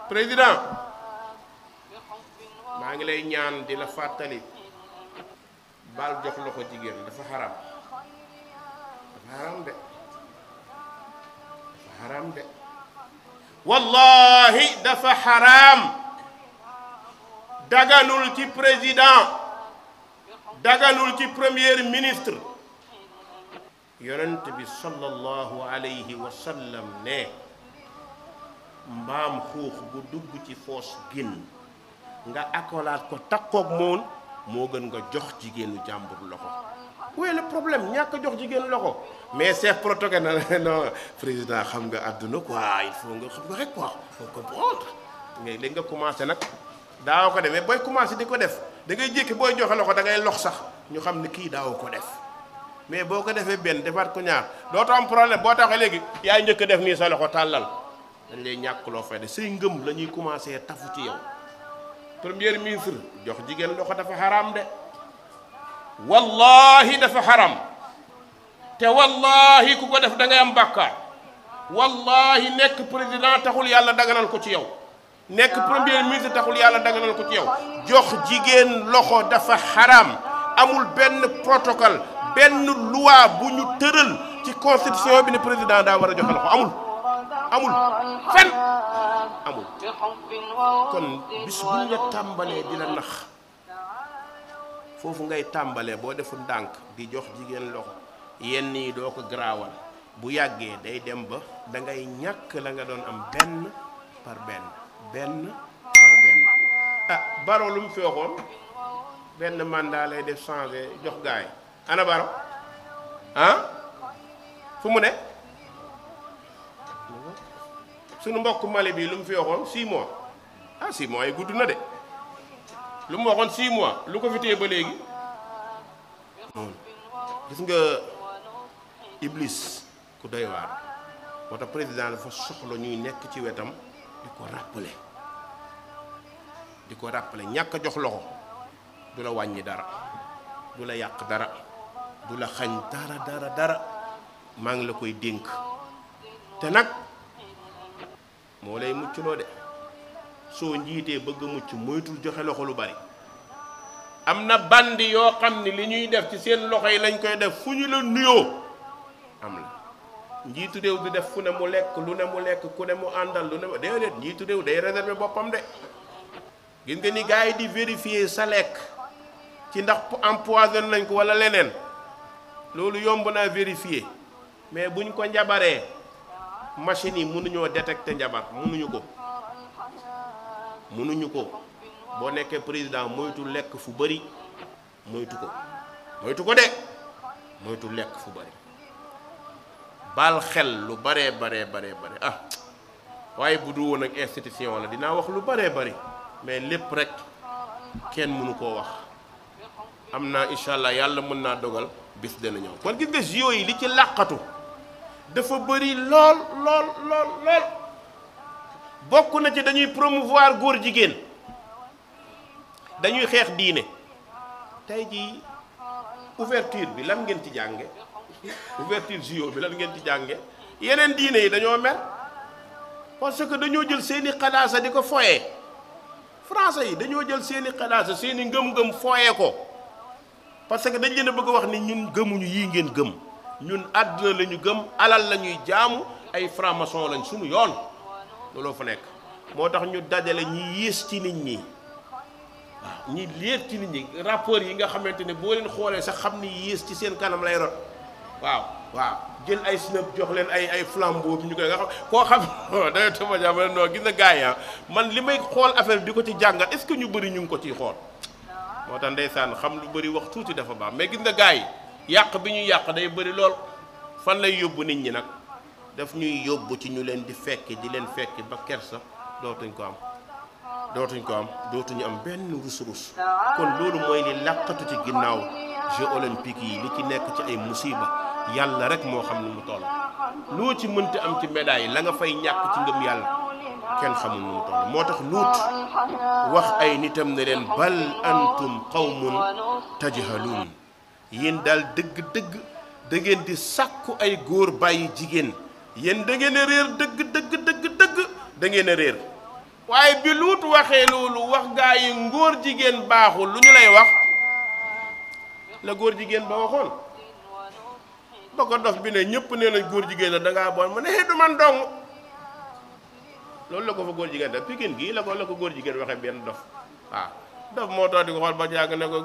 président maa ngi lay ñaan di la fàttali bal jox loxo jigéen dafa xaram dafa xaram de dafa xaram dafa xaram daganul ci président daganul ci premier ministre yonent bi sallallahu alayhi wa sallam ne mbaam xuux bu dugg ci foos génn nga accolade ko takko ak mon mo gën nga jox jigenu jàmbur loxo wé le problème ñaka jox jigenu loxo mais chef protocole na non président xam nga aduna quoi il faut nga xam nga rek quoi faut comprendre ngay léegi nga commencer nak daaw ko demee boy commencer diko def da ngay jéki boy joxe loxo da ngay lox sax ñu xam ni ki daaw ko def mais boko ko ben benn ko ñaar do to am problème bo taxé légui yaay ñëk def ni sa loxo talal dañ lay ñak lo fay dé sey ngëm lañuy commencer tafu ci yow premier ministre jox jigéen loxo dafa xaram de wallahi dafa xaram te wallahi ku ko def da ngay am bàkkaar wallahi nekk président taxul yàlla daganal ko ci yow nekk premier ministre taxul yàlla daganal ko ci yow jox jigéen loxo dafa xaram amul benn protocole benn loi bu ñu tëral ci constitution bi ne président daa war a joxe loxo amul amul fen amul kon bis bu ñu la tàmbalee di nax foofu ngay tàmbalee boo deful ndànk di jox jigéen loxo yenn yi doo ko garaawal bu yàggee day dem ba dangay ñàkk la nga doon am benn par benn benn par benn ah baro lu mu fi benn mandat lay def changé jox gaay ana baro ah? fu mu ne suñu mbokk male bii lu mu fi waxoon 6 ah 6 mois gudd na de lu mu waxoon 6 mois lu ko fi ba léegi gis nga iblis ku doy waar moo tax président dafa soxla ñuy nekk ci wetam di ko rappeler di ko rappeler ñàkk a jox loxo du la wàññi dara du la yàq dara du la xañ dara dara dara maa ngi la koy dénk te nag moo lay mucc loo de soo njiitee bëgg a mucc moytul joxe loxo lu bari am na bandi yoo xam ni li ñuy def ci seen loxo yi lañ koy def fu ñu la nuyoo am la njiitu réew di def fu ne mu lekk lu ne mu lekk ku ne mu àndal lu ne mu déedéet njiitu réew day réserver boppam de gis nga ni gars yi di vérifier sa lekk ci ndax empoisonné nañ ko walla leneen loolu yomb naa vérifier mais buñ ko njabaree machines yi mënuñoo détecter njabar mënuñu ko mënuñu ko boo nekkee président moytu lekk fu bëri moytu ko moytu ko de moytu lekk fu bëri baal xel lu baree baree baree bare ah waaye bu du woon ak institution la dinaa wax lu baree bari mais lépp rek kenn mënu koo wax am naa incha yàlla mën naa dogal bis dana ñëw kon gis nga JO yi li ci làqatu dafa faut lol lol lol lol, bokku na ci dañuy promouvoir góor jigen dañuy xex diine tay ji ouverture bi lan ngeen ci jànge ouverture jio bi lan ngeen ci Vous yeneen diine yi mer parce que dañoo jël seeni xalaasa di ko foyee français yi dañoo jël seeni xalaasa seeni ngëm-ngëm foyee ko parce que dañ leen bëgg wax ni ñun gëmuñu yii ngeen gëm ñun àdduna la ñu gëm alal la ñuy jaamu ay franc-maçon lañ suñu yoon looloo fu nekk moo tax ñu dajale ñi yées ci nit ñi waaw ñi yées ci nit ñi rapport yi nga xamante ne boo leen xoolee sax xam ni yées ci seen kanam lay rot waaw waaw jël ay snap jox leen ay ay flambeau bi ñu ko nga xam koo xam danga tama jàma non gis na gars ah. man li may xool affaire bi di ko ci jànga est-ce que ñu bëri ñu ngi ko ciy xool moo tax ndeysaan xam lu bëri wax tuuti dafa baax mais gis nga gars yi yàq bi ñu yàq day bëri lool fan lay yóbbu nit ñi nag daf ñuy yóbbu ci ñu leen di fekki di leen fekki ba kersa dootuñ ko am dootuñ ko am dootuñu am benn rus-rus kon loolu mooy li làqatu ci ginnaaw Jeux olympiques yi li ci nekk ci ay musiba yàlla rek moo xam ne mu toll loo ci mënti am ci médaille la nga fay ñàkk ci ngëm yàlla kenn xamul nu mu toll moo tax luut wax ay nitam ne leen bal antum qawmun tajhaluun yéen daal dëgg-dëgg da di sàkku ay góor bàyyi jigéen yéen da ngeen a réer dëgg dëgg dëgg dëgg da ngeen réer waaye bi luut waxee loolu wax gaa yi ngóor jigéen baaxul lu ñu lay wax la góor jigéen ba waxoon ba ko dof bi ne ñëpp nee nañ góor jigéen la da ngaa bon mu ne du man dong loolu la ko fa góor jigéen def pikin gii la ko la ko góor jigéen waxee benn dof waaw daf moo tax di ko xool ba jàng ne ko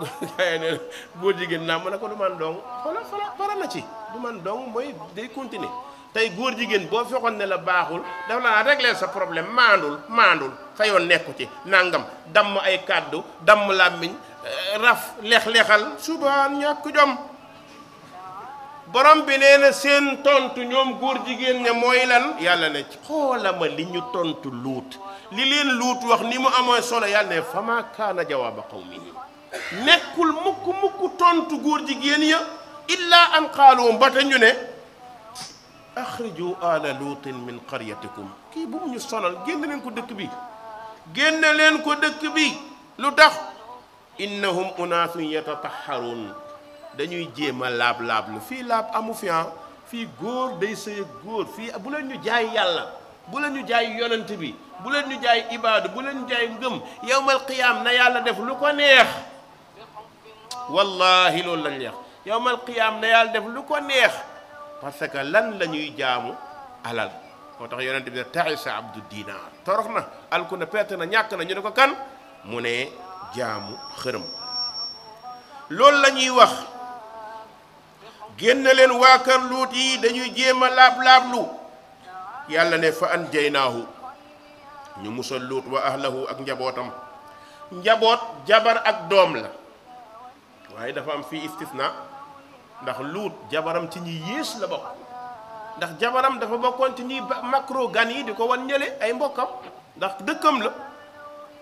góor jigéen naa mu ne ko du man dong xoola xoola bara ci du man dong mooy day continuer tey góor jigéen boo fexoon ne la baaxul daf la régler sa problème maandul maandul sa nekku ci nangam damm ay kàddu damm làmmiñ euh, raf lex-lexal subaan ñàkk jom borom bi nee na seen tontu ñoom góor jigéen ña mooy lan yàlla ne ci xoola ma li ñu tontu luut li leen luut wax ni mu amoon solo yàlla ne fama kaana jawaaba qawmihi nekkul mukk mukk tontu góor jigéen ya illaa an qaaluum ba te ñu ne axriju ala luutin min qaryatikum kii bu mu ñu sonal génn leen ko dëkk bi génn leen ko dëkk bi lu tax innahum unaasun yatataharuun dañuy jéem a laab laab lu fii laab amu fi ah fii góor day sëy góor fii bu la ñu jaay yàlla bu leen ñu jaay yonent bi bu leen ñu jaay ibaadu bu leen ñu jaay ngëm yowmal qiyaam na yàlla def lu ko neex wallahi loolu lañ leex yowmal qiyaam na yàlla def lu ko neex parce que lan la ñuy jaamu alal moo tax yonent bi ne taisa abdu dinaar torox na alku na ñàkk na ñu ne ko kan mu ne jaamu xërëm loolu la ñuy wax génn waa kër luut yi dañuy jéem a laab-laablu yàlla ne fa an jaynaahu ñu musal luut wa ahlahu ak njabootam njaboot jabar ak doom la waaye dafa am fii istisna ndax luut jabaram ci ñi yées la bokk ndax jabaram dafa bokkoon ci ñuy macro gan yi di ko wan ñële ay mbokkam ndax dëkkam la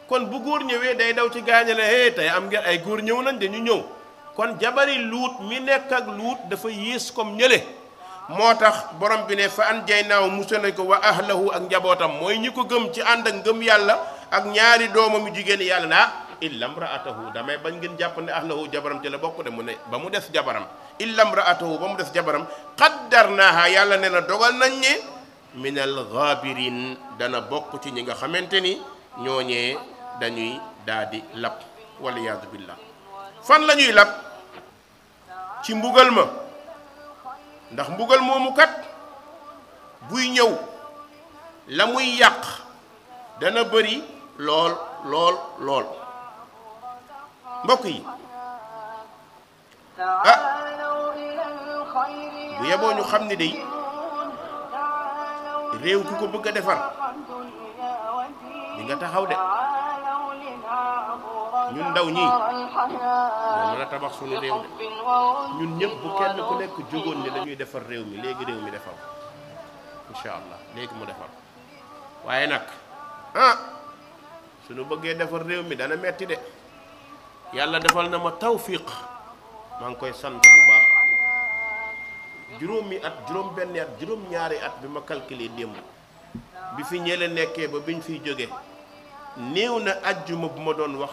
kon bu góor ñëwee day daw ci gaañale hey tey am ngeen ay góor ñëw nañ dañu ñëw kon jabari luut mi nekk ak luut dafa yées comme ñële moo tax borom bi ne fa an jaynaaw naaw musal nañ ko wa ahlahu ak njabootam mooy ñi ko gëm ci ànd ak ngëm yàlla ak ñaari doomam yu jigéen yàlla naa illam raatahu damay bañ ngeen jàpp ne ahlahu jabaram ci la bokk de mu ne ba mu des jabaram illam raatahu ba mu des jabaram qaddar naaha yàlla ne na dogal nañ ne minal gaabirin dana bokk ci ñi nga xamante ni ñooñee dañuy daal di lab waliyaadu billah fan la lab ci mbugal ma ndax mbugal moomu kat buy ñëw la muy yàq dana bari lool lool lool mbokk yi ah. bu yeboo ñu xam ni day réew ku ko bëgg a defar di nga taxaw de ñun ndaw ñi noonu la tabax suñu réew de ñun ñëpp bu kenn ku nekk jógoon ne dañuy defar réew mi léegi réew mi defar incha allah léegi mu defar waaye nag ah suñu bëggee defar réew mi dana metti de yàlla defal na ma tawfiq maa ngi koy sant bu baax juróomi at juróom benni at juróom ñaari at bi ma calculer démb bi fi ñële nekkee ba biñ fiy jóge néew na ajjuma bu ma doon wax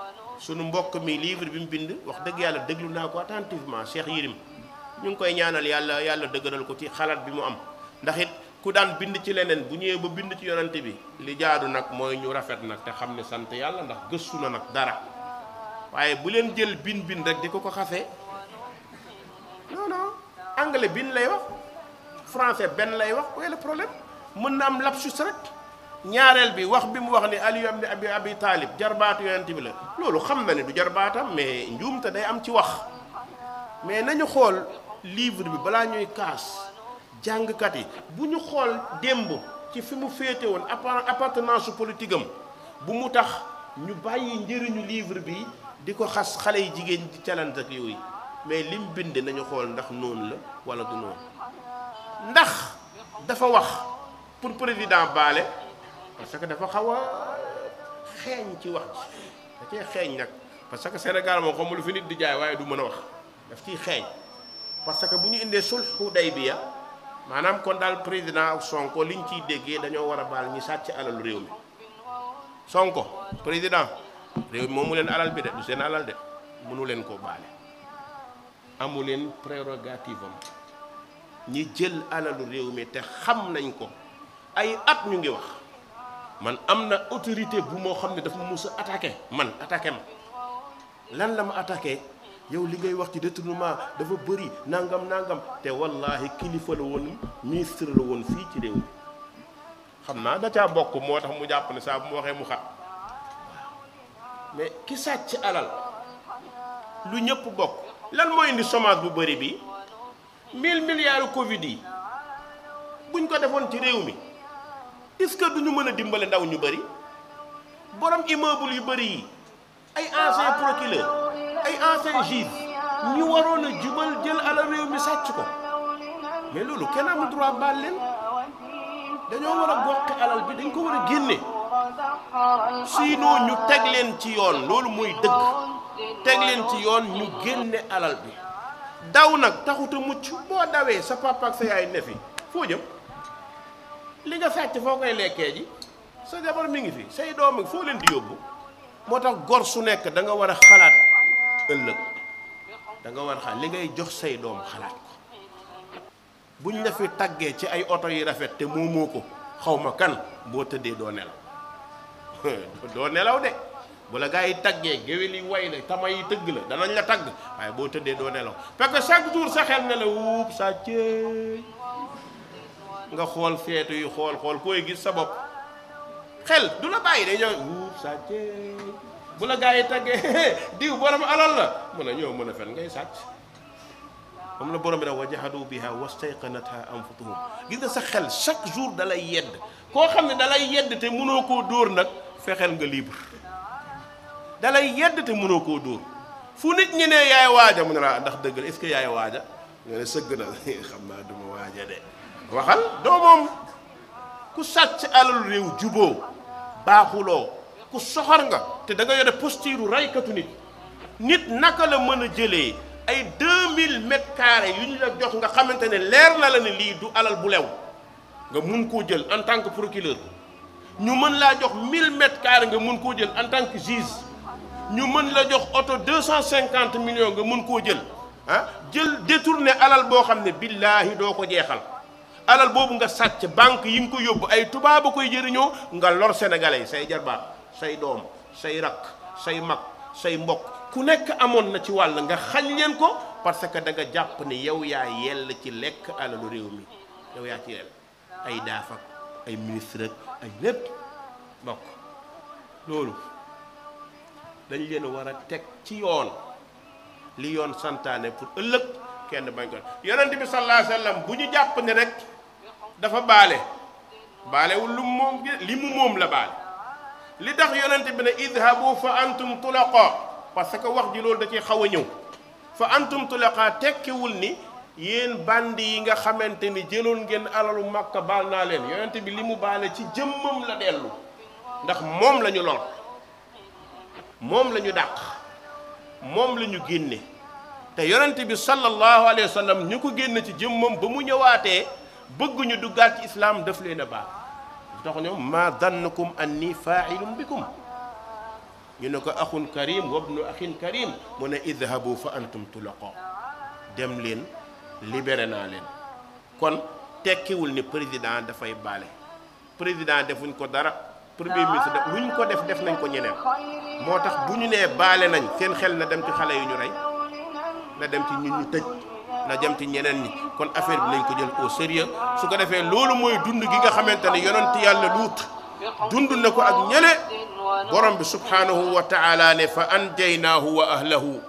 sunu mbokk mi livre bi mu bind wax dëgg yàlla déglu naa ko attentivement Cheikh Yirim ñu ngi koy ñaanal yàlla yàlla dëgëral ko ci xalaat bi mu am ndax it ku daan bind ci leneen bu ñëwee ba bind ci yonante bi li jaadu nag mooy ñu rafet nag te xam ne sant yàlla ndax gëstu na nag dara waaye bu leen jël bin bin rek di ko ko xasee non non anglais bin lay wax français benn lay wax wala problème mën na am lapsus rek ñaareel bi wax bi mu wax ni Aliyu ibn Abi Abi Taalib jarbaatu yonent bi la loolu xam na ne du jarbaatam mais njuumte day am ci wax mais nañu xool livre bi balaa ñuy kaas jàngkat yi bu ñu xool démb ci fi mu féete woon appartenance su politique am bu mu tax ñu bàyyi njëriñu livre bi di ko xas xale yi jigéen di challenge ak yooyu mais lim bind nañu xool ndax noonu la wala du noonu ndax dafa wax pour président baale parce que dafa xaw a xeeñ ci wax ji da xeeñ nag parce que Sénégal moom xamul lu fi nit di jaay waaye du mën a wax daf ciy xeeñ parce que bu ñu indee bi ya maanaam kon daal président ak Sonko li ñu ciy déggee dañoo war a baal ñi sàcc alalu réew mi Sonko président réew mi moomu leen alal bi de du seen alal de mënu leen koo baale amu leen prérogative am ñi jël alalu réew mi te xam nañ ko ay at ñu ngi wax man am na autorité bu moo xam ne dafa ma mus attaqué man attaqué ma lan la ma attaqué yow li ngay wax ci détournement dafa bëri nangam nangam te wallaahi kilifa la woon ministre la woon fii ci réew mi xam naa da caa bokk moo tax mu jàpp ne saa mu waxee mu xat mais ki sàcc alal lu ñëpp bokk lan moo indi chômage bu bëri bi mil milliards Covid yi buñ ko defoon ci réew mi. est-ce que du ñu mën a dimbale ndaw ñu bëri borom immeuble yu bari yi ay ancien procureur ay ancien juge ñu waroon a jubal jël alal réew mi sàcc ko mais loolu kenn amul droit baal leen dañoo war a goqi bi dañ ko war a génne sinon ñu teg leen ci yoon loolu mooy dëgg teg leen ci yoon ñu génne alal bi daw nag taxut mucc boo dawee sa papa sa yaay ne fi foo jëm. li nga sàcc foo koy lekkee ji sa jabar mi ngi fi say doom ak foo leen di yóbbu moo tax gor su nekk danga war a xalaat ëllëg danga nga war a xalaat li ngay jox say doom xalaat ko buñ la fi tàggee ci ay oto yi rafet te moomoo ko xaw ma kan boo tëddee doo nelaw [LAUGHS] doo nelaw de bu la gaa yi taggee géwél yi way la tama yi tëgg la danañ la tagg waaye boo tëddee doo nelaw parce que jour sa xel ne la sa nga xol fetu yi xol xol koy gis sa bop xel du la baye day ñëw sa ci bu la gars yi diw borom alal la mun na ñoo mën a fen ngay sàcc am la borom da wajhadu biha wastayqanatha anfutuhum gis nga sa xel chaque jour da lay yedd ko xam da lay yedd te mëno ko dóor nak fexel nga libre da lay yedd te mëno ko dóor fu nit ñi ne yaay waaja mu ne laa ndax dëgg est ce que yaay waaja nga ne sëgg na xam naa duma waaja de waxal doomam ku sàcc alalu réew juboo baaxuloo ku soxor nga te da nga yore posture raykatu nit nit naka la mën a jëlee ay 2000 mètres carrés yu ñu la jox nga xamante ne leer na la ne lii du alal bu lew nga mun koo jël en tant que procureur ñu mën laa jox 1000 mètres carrés nga mun koo jël en tant que juge ñu mën la jox oto 250 millions nga mun koo jël ah jël détourné alal boo xam ne billaahi doo ko jeexal alal boobu nga sàcc banque yi nga ko yóbbu ay tubaab koy jëriñoo nga lor sénégalais say jarbaat say doom say rakk say mag say mbokk ku nekk amoon na ci wàll nga xañ leen ko parce que danga nga jàpp ne yow yaa yell ci lekk alalu réew mi yow yaa ci yell ay daaf ak ay ministre ak ay lépp bokk loolu dañ leen war a teg ci yoon li yoon santaane pour ëllëg kenn bañ ko yonent bi sallallahu alayhi bu ñu jàpp ne rek dafa balé baalewul lu mom li mu moom la baale li tax yonenté bi ne idhabu fa antum tulaqa parce que wax ji lol da ci xawa a ñëw fa antum tulaqa wul ni yéen bandi yi nga xamanteni jëlul ngeen alalu Makka bal na len yonenté bi limu balé ci jëmmam la delu ndax mom la lor mom la ñu mom lañu génne te yonenté bi sallallahu alayhi wasallam sallam génne ci jëmmam ba mu ñëwaatee bëgguñu duggaat ci islaam daf leen a baax lu tax ñoom maa dannukum anni faailum bikum ñu ne ko axun karim wabnu axin karim mu ne idhabu fa antum tulaqa dem leen libéré naa leen kon tekkiwul ni président dafay baale président defuñ ko dara premier ministre def luñ ko def def nañ ko ñeneen moo tax bu ñu nee baale nañ seen xel na dem ci xale yu ñu rey na dem ci ñun ñu tëj na jëm ci ñeneen ñi kon affaire bi lañ ko jël au sérieux su ko defee loolu mooy dund gi nga xamante ne yonent yàlla luut dund na ko ak ñene borom bi subhanahu wa taala ne fa anjaynaahu wa ahlahu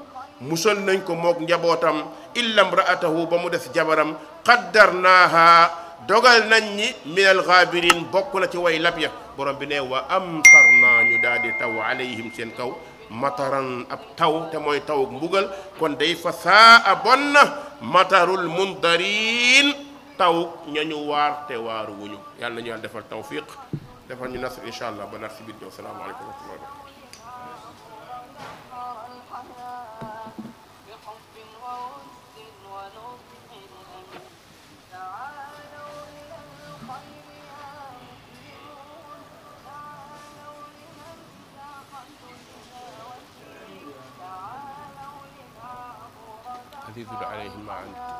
musal nañ ko mook njabootam illa mraatahu ba mu def jabaram qaddarnaaha dogal nañ ñi min ghabirin bokk na ci way lab ya borom bi ne wa amtarnaa ñu daal di taw alayhim seen kaw mataran ab taw te mooy taw mbugal kon day fasaa saa a bon na matarul mundariin taw ñañu waar te waaru wuñu yàlla na ñu yàlla defal tawfiq defal ñu nasr incha allah ba nar si biir di wasalaamaaleykum wa rahmatulah التي تدعى عليه المعاند